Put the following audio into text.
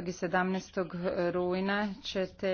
i 17. rujna ćete